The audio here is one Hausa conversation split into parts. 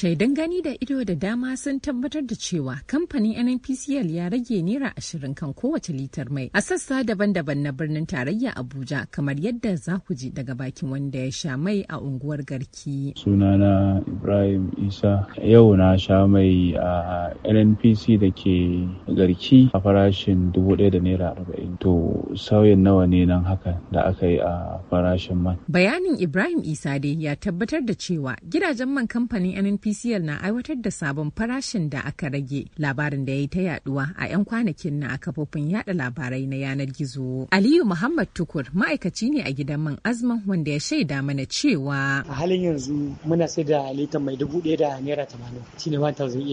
Shaidan gani da ido da dama sun tabbatar da cewa kamfanin NNPCL ya rage naira ashirin kan kowace litar mai a sassa daban-daban na birnin tarayya Abuja kamar yadda za ku ji daga bakin wanda ya sha mai a unguwar Garki. Sunana Ibrahim Isa yau na sha mai a NNPC da ke Garki a farashin dubu ɗaya da naira arba'in to sauyin nawa ne nan haka da aka yi a farashin man. Bayanin Ibrahim Isa dai ya tabbatar da cewa gidajen man kamfanin NNPC NNPCL na aiwatar da sabon farashin da aka rage labarin da ya yi ta yaduwa a 'yan kwanakin na a kafofin yada labarai na yanar gizo. Aliyu Muhammad Tukur ma'aikaci ne a gidan man azman wanda ya shaida mana cewa. A halin yanzu muna sai da alita mai dubu ɗaya da naira tamanin shine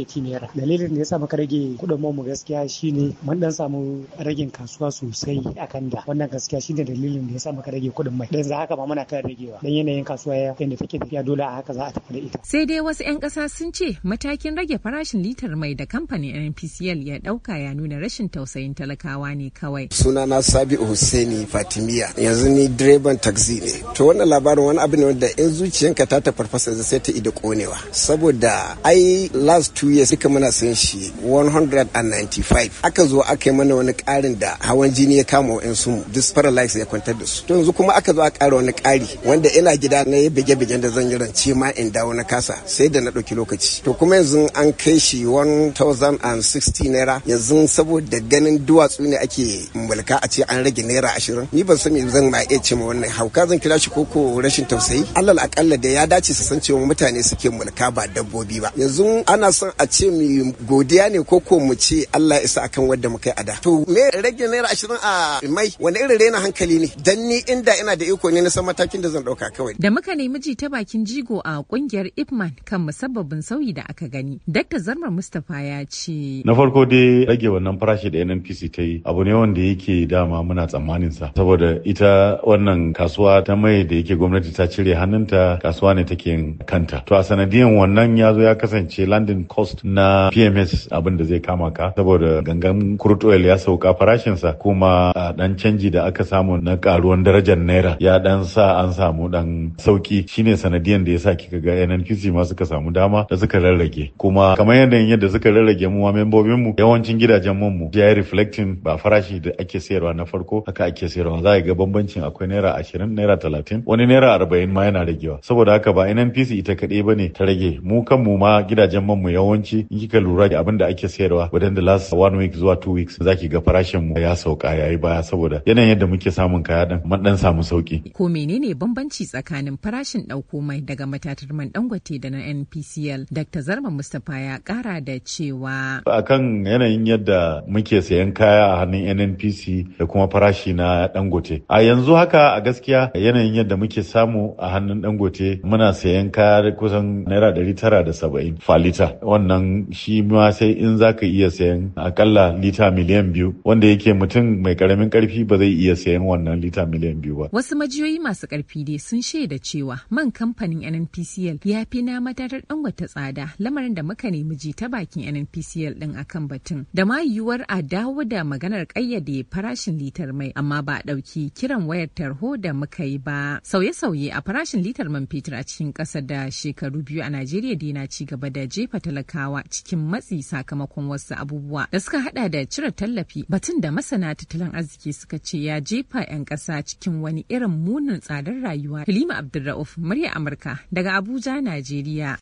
ci naira. Dalilin da ya sa muka rage kuɗin mu gaskiya shine mun dan samu ragin kasuwa sosai a kan da wannan gaskiya shine dalilin da ya sa muka rage kuɗin mai. Dan za haka ma muna kan ragewa dan yanayin kasuwa ya yadda take tafiya dole a haka za a tafi da ita. Sai dai wasu 'yan kasa sun ce matakin rage farashin litar mai da kamfanin NPCL ya dauka ya nuna rashin tausayin talakawa ne kawai. suna na Sabi Hussaini Fatimiya yanzu ni direban taxi ne. To wannan labarin wani abu ne wanda in zuciyanka ta ta farfasa sai ta ida konewa. Saboda ai last two years duka muna sun shi 195. Aka zo aka yi mana wani karin da hawan jini ya kama wa su dis paralyze ya kwantar da su. To yanzu kuma aka zo a kara wani kari wanda ina gida na yi bige-bigen da zan yi rance ma in dawo na kasa sai da na ɗauki lokaci to kuma yanzu an kai shi 1060 naira yanzu saboda ganin duwatsu ne ake mulka a ce an rage naira ashirin ni ban san me zan ma iya ce ma wannan hauka zan kira shi koko rashin tausayi alal akalla da ya dace su san cewa mutane suke mulka ba dabbobi ba yanzu ana son a ce mu godiya ne koko mu ce Allah isa akan wanda muka yi a to me rage naira ashirin a mai wani irin rena hankali ne dan ni inda ina da iko ne na san matakin da zan ɗauka kawai da muka nemi ji ta bakin jigo a kungiyar Ipman kan musamman musabbabin sauyi da aka gani. Dr. Zarmar Mustapha ya ce. Na farko dai rage wannan farashi da NNPC ta yi abu ne wanda yake dama muna tsammanin sa saboda ita wannan kasuwa ta mai da yake gwamnati ta cire hannunta kasuwa ne take yin kanta. To a sanadiyan wannan ya zo ya kasance landing cost na PMS abin da zai kama ka saboda gangan crude oil ya sauka farashinsa kuma dan canji da aka samu na karuwan darajar naira ya dan sa an samu dan sauki shine sanadiyan da ya sa kika ga NNPC ma suka samu dama da suka rarrage kuma kamar yadda yadda suka rarrage mu ma membobin mu yawancin gidajen man mu ya reflecting ba farashi da ake sayarwa na farko haka ake sayarwa za a ga bambancin akwai naira ashirin naira talatin wani naira arba'in ma yana ragewa saboda haka ba NNPC ita kaɗai ne ta rage mu kan mu ma gidajen man mu yawanci in kika lura da abin da ake sayarwa within da last one week zuwa two weeks zaki ga farashin mu ya sauka yayi baya saboda yanayin yadda muke samun kaya din mun dan samu sauki ko menene bambanci tsakanin farashin ɗauko mai daga matatar man dangote da na NP PCL. Dr. Zarma Mustapha ya kara da cewa. Akan yanayin yadda muke sayan kaya a hannun NNPC da kuma farashi na Dangote. A yanzu haka a gaskiya yanayin yadda muke samu a hannun Dangote muna sayan kaya kusan naira ɗari tara da saba'in fa lita. Wannan shi ma sai in za ka iya sayan akalla lita miliyan biyu wanda yake mutum mai karamin karfi ba zai iya sayan wannan lita miliyan biyu ba. Wasu majiyoyi masu karfi dai sun shaida cewa man kamfanin NNPCL ya fi na madarar wata tsada lamarin da muka nemi ji ta bakin NNPCL din akan batun da ma yiwuwar a dawo da maganar kayyade farashin litar mai amma ba a ɗauki kiran wayar tarho da muka yi ba. Sauye-sauye a farashin litar man fetur a cikin ƙasa da shekaru biyu a Najeriya da yana ci gaba da jefa talakawa cikin matsi sakamakon wasu abubuwa da suka hada da cire tallafi batun da masana tattalin arziki suka ce ya jefa 'yan ƙasa cikin wani irin munin tsadar rayuwa. Halima Abdulra'uf, murya Amurka daga Abuja, Najeriya.